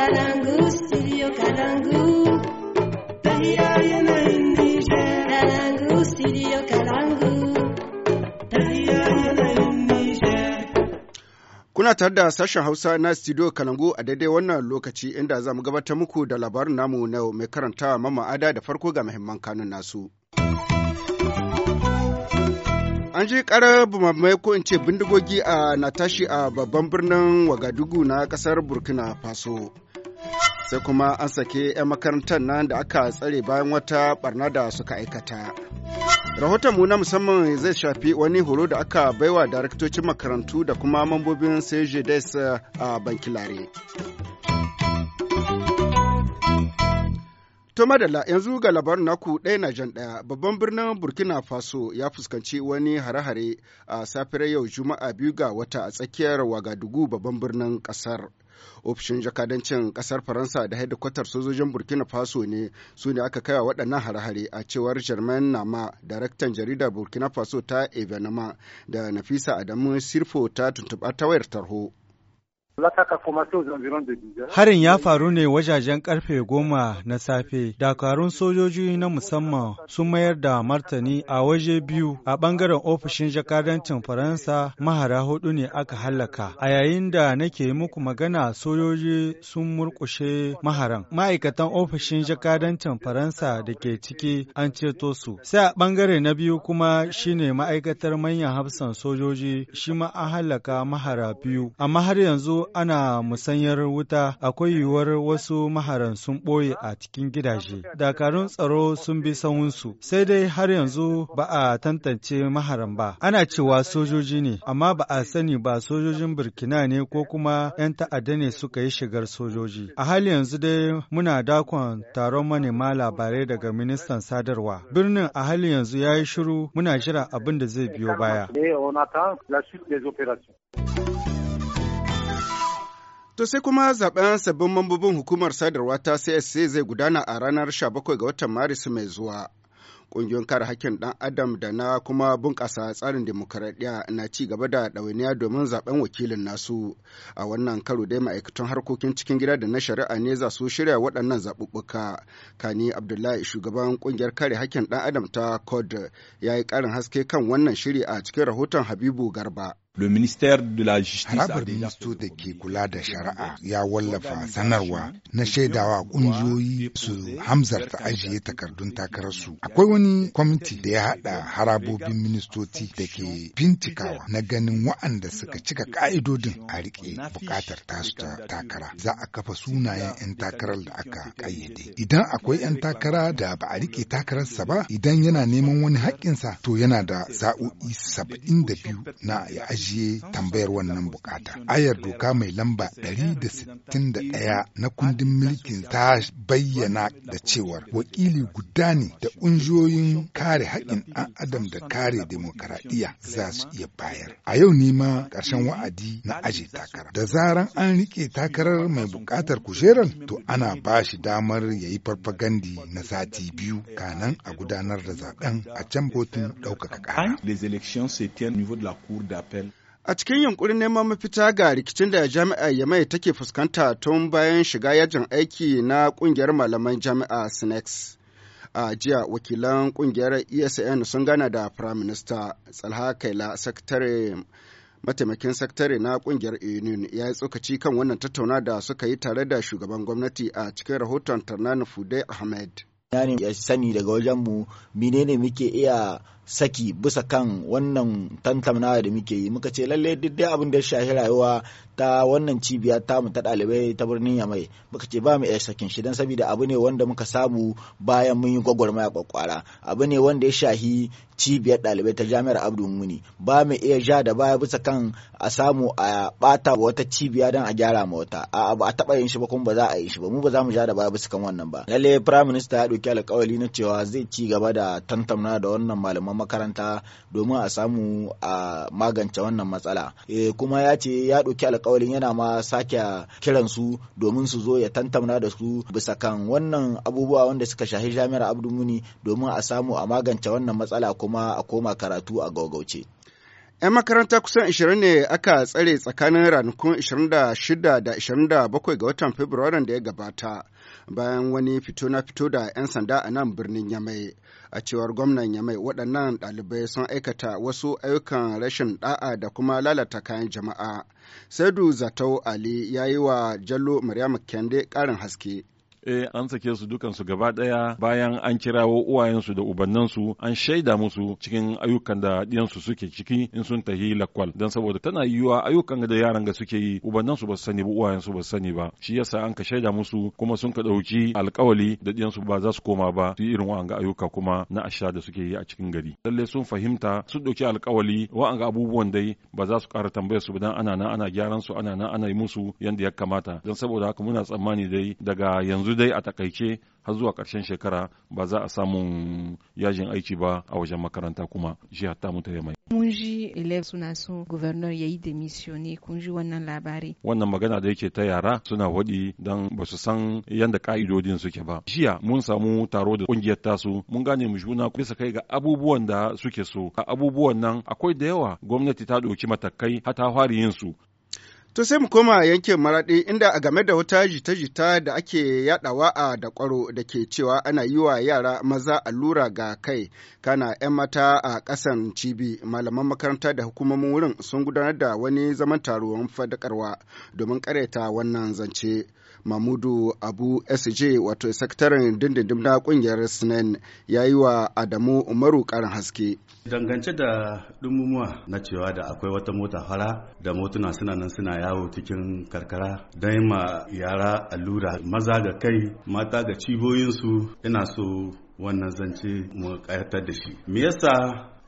Kalangu, studio Kalangu. yana Kalangu, studio Kalangu. yana Kuna tare da sashen Hausa na studio Kalangu a daidai wannan lokaci inda za mu gabatar muku da labarin namu na mai karanta mama ada da farko ga muhimman kanun nasu. an ji karar bumamai ko in ce bindigogi a natashi a babban birnin wagadugu na kasar burkina faso sai kuma an sake 'yan makarantar nan da aka tsare bayan wata barna da suka aikata. rahoton mu na musamman zai shafi wani horo da aka baiwa daraktocin makarantu da kuma mambobin CJDS eh, a Bankilare. To madalla yanzu ga labarin naku ɗaya na jan ɗaya babban birnin Burkina Faso ya fuskanci wani hare-hare a safiyar yau Juma'a biyu ga wata a tsakiyar Wagadugu babban birnin ƙasar. ofishin jakadancin ƙasar faransa da hedikwatar sojojin burkina faso ne su ne aka kaiwa waɗannan hare-hare a cewar germain nama daraktan jaridar burkina faso ta evenema da nafisa adamu sirfo ta tuntuɓa ta wayar tarho Harin ya faru ne wajajen karfe goma na safe. Dakarun sojoji na musamman sun mayar da martani a waje biyu a bangaren ofishin jakadancin Faransa mahara hudu ne aka hallaka. A yayin da nake muku magana sojoji sun murkushe maharan. Ma'aikatan ofishin jakadancin Faransa da ke ciki an ceto su. Sai a bangare na biyu kuma shine ma'aikatar manyan hafsan sojoji shi ma an hallaka mahara biyu. Amma har yanzu ana musanyar wuta akwai yiwuwar wasu maharan sun ɓoye a cikin gidaje. Dakarun tsaro sun bi sawunsu, sai dai har yanzu ba a tantance maharan ba. Ana cewa sojoji ne, amma ba a sani ba sojojin Burkina ne ko kuma 'yan ta'adda ne suka yi shigar sojoji. A hali yanzu dai muna dakon taron manema labarai daga ministan sadarwa. Birnin a hali yanzu ya yi shiru muna jira abin da zai biyo baya. To sai kuma zaben sabbin mambobin hukumar sadarwa ta CSC zai gudana a ranar 17 ga watan Maris mai zuwa. Ƙungiyoyin kare hakkin ɗan Adam da na kuma bunƙasa tsarin demokaradiyya na ci gaba da ɗawainiya domin zaben wakilin nasu. A wannan karo dai ma'aikatan harkokin cikin gida da na shari'a ne za su shirya waɗannan zaɓuɓɓuka. Kani Abdullahi shugaban ƙungiyar kare hakkin ɗan Adam ta Code ya yi ƙarin haske kan wannan shiri a cikin rahoton Habibu Garba. Le ministère de la Justice Harabar ministo da ke kula da shari'a ya wallafa sanarwa na shaidawa kungiyoyi su ta ajiye takardun takararsu. Akwai wani kwamiti da ya hada harabobin ministoci da ke bincikawa na ganin wa'anda suka cika ka'idodin a rike buƙatar tasu ta takara. Za a kafa sunayen 'yan takarar da aka kayyade Idan akwai 'yan takara da ba a riƙe takararsa ba, idan yana neman wani haƙƙinsa to yana da sa'o'i saba'in da biyu na ya ajiye ajiye tambayar wannan bukata. Ayar doka mai lamba 161 na kundin mulkin ta bayyana da cewar wakili guda ne da ƙungiyoyin kare haƙƙin ɗan adam da kare demokaradiyya za su iya bayar. A yau ne ma ƙarshen wa'adi na aje takara. Da zaran an rike takarar mai buƙatar kujerar to ana ba shi damar ya yi farfagandi na sati biyu kanan a gudanar da zaben a can kotun ɗaukaka ƙara. A cikin yunkurin neman mafita ga rikicin da jami'a Yamai take fuskanta tun bayan shiga yajin aiki na kungiyar malaman jami'a Sinex. A jiya wakilan kungiyar ESN sun gana da Prime Minister Tsalha Kaila Sakatare mataimakin sakatare na kungiyar union ya yi tsokaci kan wannan tattauna da suka yi tare da shugaban gwamnati a cikin rahoton Tarnan fude ahmed ya sani daga wajenmu menene muke iya saki bisa kan wannan tantamnawa da muke yi muka ce lalle duk dai abin da ya shahi rayuwa ta wannan cibiya ta mu ta ɗalibai ta birnin yamai muka ce ba mu iya sakin shi don saboda abu ne wanda muka samu bayan mun yi gwagwarmaya kwakwara abu ne wanda ya shahi cibiyar ɗalibai ta jami'ar abdu muni ba mu iya ja da baya bisa kan a samu a ɓata wata cibiya don a gyara ma wata a abu a taɓa yin shi ba kuma ba za a yi shi ba mu ba za mu ja da baya bisa kan wannan ba lalle firayim minista ya ɗauki alƙawari na cewa zai ci gaba da tantamna da wannan malaman makaranta domin a samu a magance wannan matsala e, kuma ya ce ya ɗauki alkawalin yana ma sake kiran su domin su zo ya tantamna da su bisa kan wannan abubuwa wanda suka shahi jami'ar abdulmuni domin a samu a magance wannan matsala kuma a koma karatu a gaugauce 'Yan makaranta kusan 20 ne aka tsare tsakanin ranakun 26 da 27 ga watan Fabrairun da ya gabata bayan wani fito na fito da 'yan sanda a nan birnin Yamai. A cewar gwamnan Yamai waɗannan ɗalibai sun aikata wasu ayyukan rashin ɗa'a da kuma lalata kayan jama'a. Saidu Zatau Ali ya yi wa Jallo Maryam Kende ƙarin haske. eh an sake su dukansu gaba daya bayan an kirawo uwayensu da ubannansu an shaida musu cikin ayyukan da diyansu suke ciki in sun tahi lakwal dan saboda tana yiwuwa ayyukan da yaran ga suke yi ubannansu ba su sani ba uwayensu ba su sani ba shi yasa an ka shaida musu kuma sun ka dauki alkawali da diyansu ba za su koma ba su irin wa'anga ayyuka kuma na asha da suke yi a cikin gari lalle sun fahimta su dauki alkawali wa'anga abubuwan dai ba za su ƙara tambayar su ba dan ana nan ana gyaran su ana nan ana yi musu yanda ya kamata dan saboda haka muna tsammani dai daga yanzu yanzu dai a takaice har zuwa ƙarshen shekara ba za a samu yajin aiki ba a wajen makaranta kuma jihar ta mutu ya mai. Mun ji elef suna so governor ya yi demisioni kun ji wannan labari. Wannan magana da yake ta yara suna waɗi don ba su san yadda ka'idodin suke ba. Jiya mun samu taro da ƙungiyar tasu mun gane mu juna bisa kai ga abubuwan da suke so. A abubuwan nan akwai da yawa gwamnati ta ɗauki matakai har ta fara yin su To sai mu koma yankin maraɗi inda a game da wata jita-jita da ake yadawa a da kwaro da ke cewa ana yi wa yara maza allura ga kai kana 'yan mata a ƙasan cibi malaman makaranta da hukumomin wurin sun gudanar da wani zaman taron fadakarwa domin ƙareta wannan zance. mamudu abu sj wato sakataren dindindim na kungiyar sinan ya yi wa adamu umaru karin haske dangance da dumumuwa na cewa da akwai wata mota fara da motuna suna nan suna yawo cikin karkara don ma yara allura maza ga kai mata ga ciboyinsu ina so wannan zance mu kayatar da shi me yasa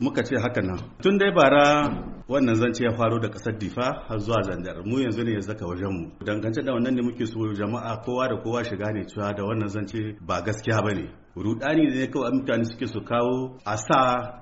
muka ce haka nan tun dai bara wannan zance ya faro da kasar difa har zuwa zandar mu yanzu ne ya zaka wajen mu dangance da wannan ne muke so jama'a kowa da kowa shiga ne cewa da wannan zance ba gaskiya bane rudani ne kawai mutane suke su kawo a sa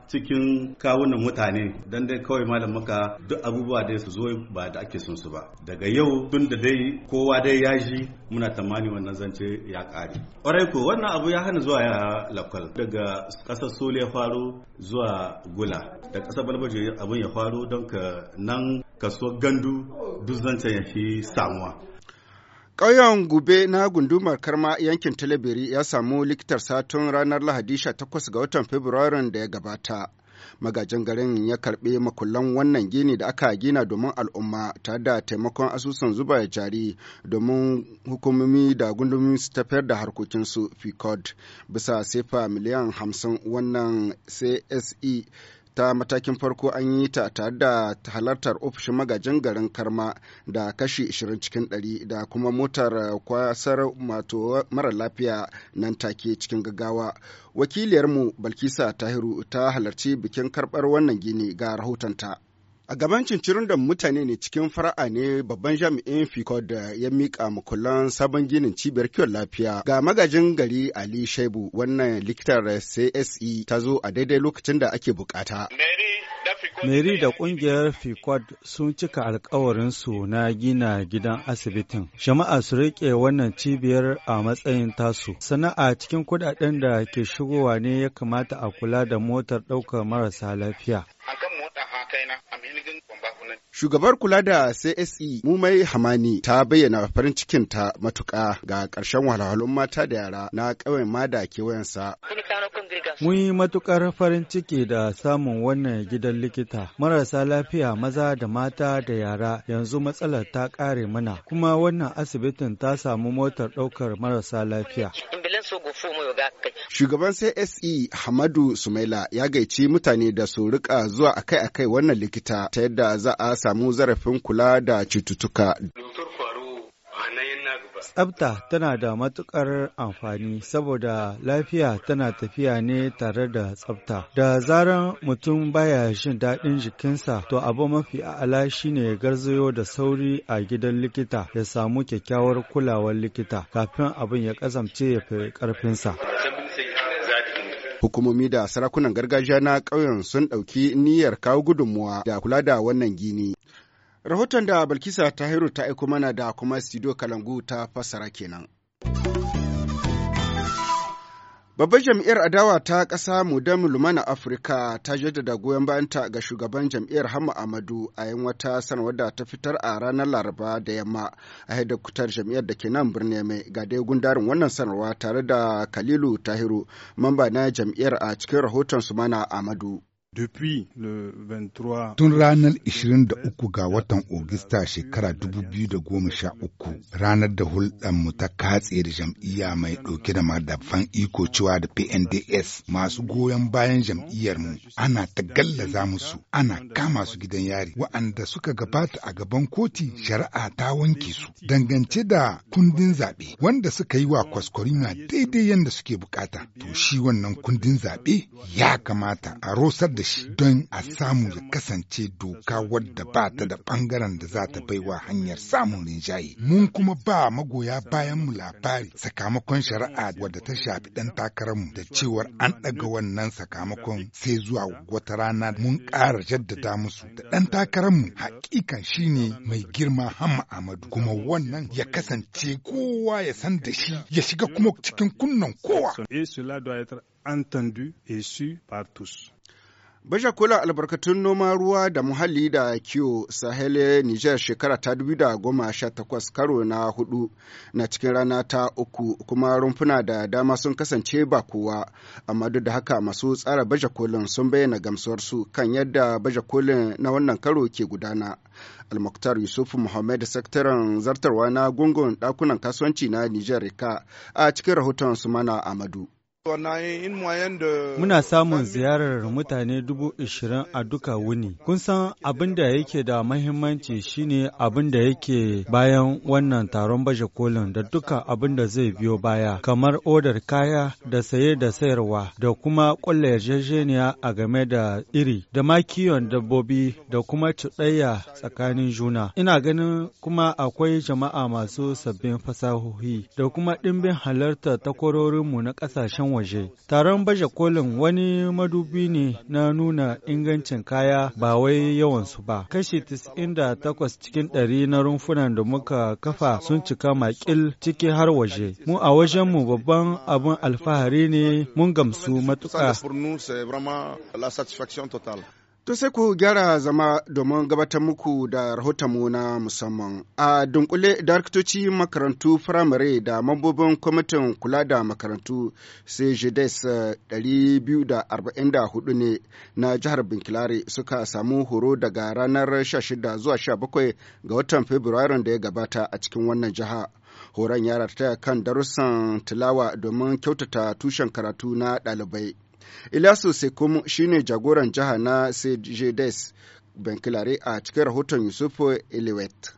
cikin kawunan mutane don dai kawai malam maka duk abubuwa da su zo ba da ake sun su ba daga yau tun da dai kowa dai ya ji muna tamani wannan zance ya kare ƙwarai ko wannan abu ya hana zuwa ya lakwal daga kasar sole ya faro zuwa gula da ƙasar balbaje abin ya faru don ka nan kaso gandu duk zancen ya fi samuwa Ƙauyen Gube na gundumar Karma yankin Talabiri ya samu likitar satun ranar Lahadi 18 ga watan Fabrairun da ya gabata. Magajin garin ya karɓi makullan wannan gini da aka gina domin al'umma tare da taimakon asusun zuba jari domin hukumomi da gundumi su tafiyar da harkokinsu FICOD bisa sefa miliyan hamsin wannan CSE ta matakin farko an yi ta tare da halartar ofishin magajin garin karma da kashi 20 cikin 100 da kuma motar eh, kwasar mato mara lafiya nan take cikin gaggawa wakiliyarmu balkisa tahiru ta halarci bikin karbar wannan gini ga rahotonta. A gaban cincirin da mutane ne cikin fara'a ne babban jami'in fiko da ya miƙa makullan sabon ginin cibiyar kiwon lafiya ga magajin gari Ali Shaibu wannan likitar CSE ta zo a daidai lokacin da ake bukata. Meri da kungiyar FICOD sun cika alkawarinsu na gina gidan asibitin. Jama'a su riƙe wannan cibiyar a matsayin tasu. Sana'a cikin kudaden da ke shigowa ne ya kamata a kula da motar ɗaukar marasa lafiya. Shugabar kula da CSE Mumai Hamani ta bayyana farin cikin ta matuƙa ga ƙarshen walhalun mata da yara na ƙauyen Mada kewayensa. Mun yi matukar farin ciki da samun wannan gidan likita. Marasa lafiya maza da mata da yara yanzu matsalar ta ƙare mana, kuma wannan asibitin ta samu motar ɗaukar marasa lafiya. Shugaban CSE Hamadu Sumaila ya gaici mutane da su rika zuwa akai-akai wannan likita ta yadda za a samu zarafin kula da cututtuka. Tsafta tana da matukar amfani saboda lafiya tana tafiya ne tare da tsafta, Da zaran mutum baya shin daɗin jikinsa, to abu mafi a'ala shine ya garzayo da sauri a gidan likita ya samu kyakkyawar kulawar likita kafin abin ya kasance ya fi ƙarfinsa. Hukumomi da sarakunan gargajiya na ƙauyen sun ɗauki niyyar kawo gudunmuwa da kula da wannan gini. Rahoton da Balkisa Tahiru ta aiko mana da kuma Studio Kalangu ta fassara kenan. Babbar jam'iyyar adawa ta ƙasa Mudam Lumana Afirka ta jaddada goyon bayanta ga shugaban jam'iyyar Hamma Amadu a yin wata sanarwar da ta fitar a ranar Laraba da yamma a haidakutar jam'iyyar da ke nan birni mai ga dai gundarin wannan sanarwa tare da Kalilu Tahiru, mamba na jam'iyyar a cikin rahoton su mana Amadu. Tun ranar 23 ga watan Ogista shekara 2013 ranar da hulɗarmu ta katse da jam'iyya mai ɗauke da madafan iko cewa da PNDS masu goyon bayan jam'iyyar mu ana ta gallaza musu ana kama su gidan yari Waɗanda suka gabata a gaban koti shari'a ta wanke su dangance da kundin zaɓe wanda suka yi wa ma daidai yadda suke bukata to shi wannan kundin zaɓe ya kamata a rosar da shi don a samu ya kasance doka wadda ba ta da ɓangaren da za ta baiwa hanyar samun rinjaye. Mun kuma ba magoya bayan mu labari sakamakon shari'a wadda ta shafi ɗan takararmu da cewar an ɗaga wannan sakamakon sai zuwa wata rana mun ƙara jaddada musu da ɗan takararmu hakikan shine mai girma Hamma Ahmadu kuma wannan ya kasance kowa ya san da shi ya shiga kuma cikin kunnan kowa. entendu et su par tous. Bashar kula albarkatun noma ruwa da muhalli da kiwo Sahel Nijar shekara ta takwas karo na hudu na cikin rana ta uku kuma rumfuna da dama sun kasance ba kowa amma duk da haka masu tsara baje kolin sun bayyana gamsuwarsu kan yadda baje kolin na wannan karo ke gudana. Almaktar Yusuf Muhammad sakataren zartarwa na gungun dakunan kasuwanci na Nijar ka a cikin rahoton su mana Amadu. Muna samun ziyarar mutane dubu ishirin a duka wuni. Kun san abin da yake da mahimmanci shine abin da yake bayan wannan taron baje kolin da duka abin da zai biyo baya, kamar odar kaya da saye da sayarwa da kuma ƙulla yarjejeniya a game da iri da makiyon dabbobi da kuma cuɗayya tsakanin juna. Ina ganin kuma akwai jama'a masu sabbin fasahohi da kuma ɗimbin halartar takwarorinmu na ƙasashen waje. waje. Taron baje kolin wani madubi ne na nuna ingancin kaya ba wai yawansu ba. Kashi 98 cikin ɗari na rumfunan da muka kafa sun cika makil ciki har waje. Mu a wajenmu babban abin alfahari ne mun gamsu matuƙa. To sai ku gyara zama domin gabatar muku da rahotonmu na musamman. A dunkule daraktoci makarantu firamare da mambobin kwamitin kula da makarantu CJDES 244 eh, ne na jihar Binkilare suka samu horo daga ranar 16 zuwa 17 ga watan Fabrairun da ya gabata a cikin wannan jiha. Horon ya rataya kan darussan tilawa domin kyautata tushen karatu na ɗalibai. Ilyasu Sekum shine jagoran jiha na CJDES Benkilare a cikin rahoton yusufu Eliwet.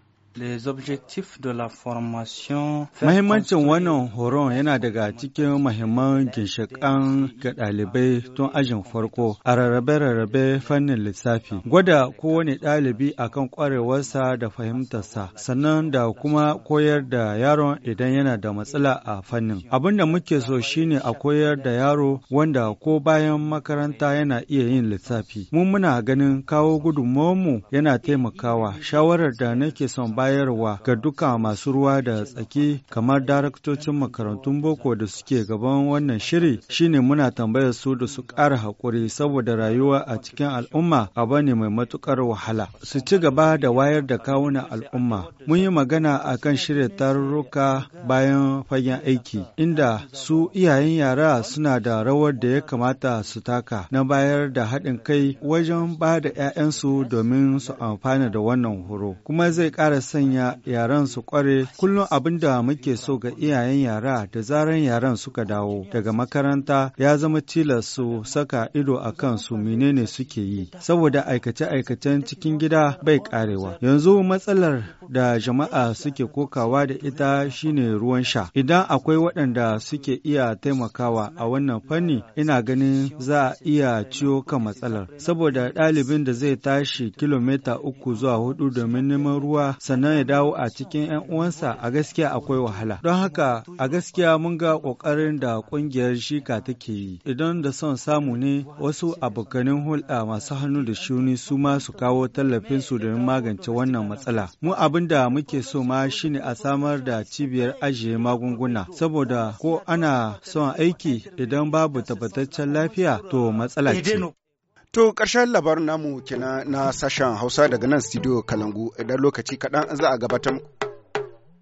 Mahimmancin wannan horon yana daga cikin mahimman ginshiƙan ga ɗalibai tun ajin farko a rarrabe-rarrabe fannin lissafi. Gwada kowane ɗalibi akan ƙwarewarsa da fahimtarsa, sannan da kuma koyar da yaron idan yana da matsala a fannin. Abin da muke so shine a koyar da yaro wanda ko bayan makaranta yana iya yin lissafi. Mun muna ganin kawo mu yana taimakawa. Shawarar da nake son ba bayarwa ga duka masu ruwa da tsaki kamar daraktocin makarantun boko da suke gaban wannan shiri shine muna tambayar su da su ƙara haƙuri saboda rayuwa a cikin al'umma abu ne mai matuƙar wahala su ci gaba da wayar da kawunan al'umma mun yi magana a kan shirya tarurruka bayan fagen aiki inda su iyayen yara suna da rawar da ya kamata su taka na bayar da haɗin kai wajen ba da 'ya'yansu domin su amfana da wannan horo kuma zai ƙara sanya yaran su kware kullum abin da muke so ga iyayen yara da zaran yaran suka dawo daga makaranta ya zama tilas su saka ido a kan su menene suke yi saboda aikace-aikacen cikin gida bai karewa yanzu matsalar da jama'a suke kokawa da ita shine ruwan sha. Idan akwai waɗanda suke iya taimakawa a wannan fanni ina ganin za a iya ciyo kan matsalar. Saboda ɗalibin da zai tashi kilomita uku zuwa hudu domin neman ruwa sannan ya dawo a cikin 'yan uwansa a gaskiya akwai wahala. Don haka a gaskiya mun ga ƙoƙarin da ƙungiyar shika take yi. Idan da son samu ne wasu abokanin hulɗa masu hannu da shuni su ma su kawo tallafinsu domin magance wannan matsala. Mu abin da muke so ma shine a samar da cibiyar ajiye magunguna saboda ko ana son aiki idan babu tabbataccen lafiya to matsala ce. To ƙarshen labar namu kenan na sashen Hausa daga nan studio Kalangu idan lokaci kaɗan za a gabatar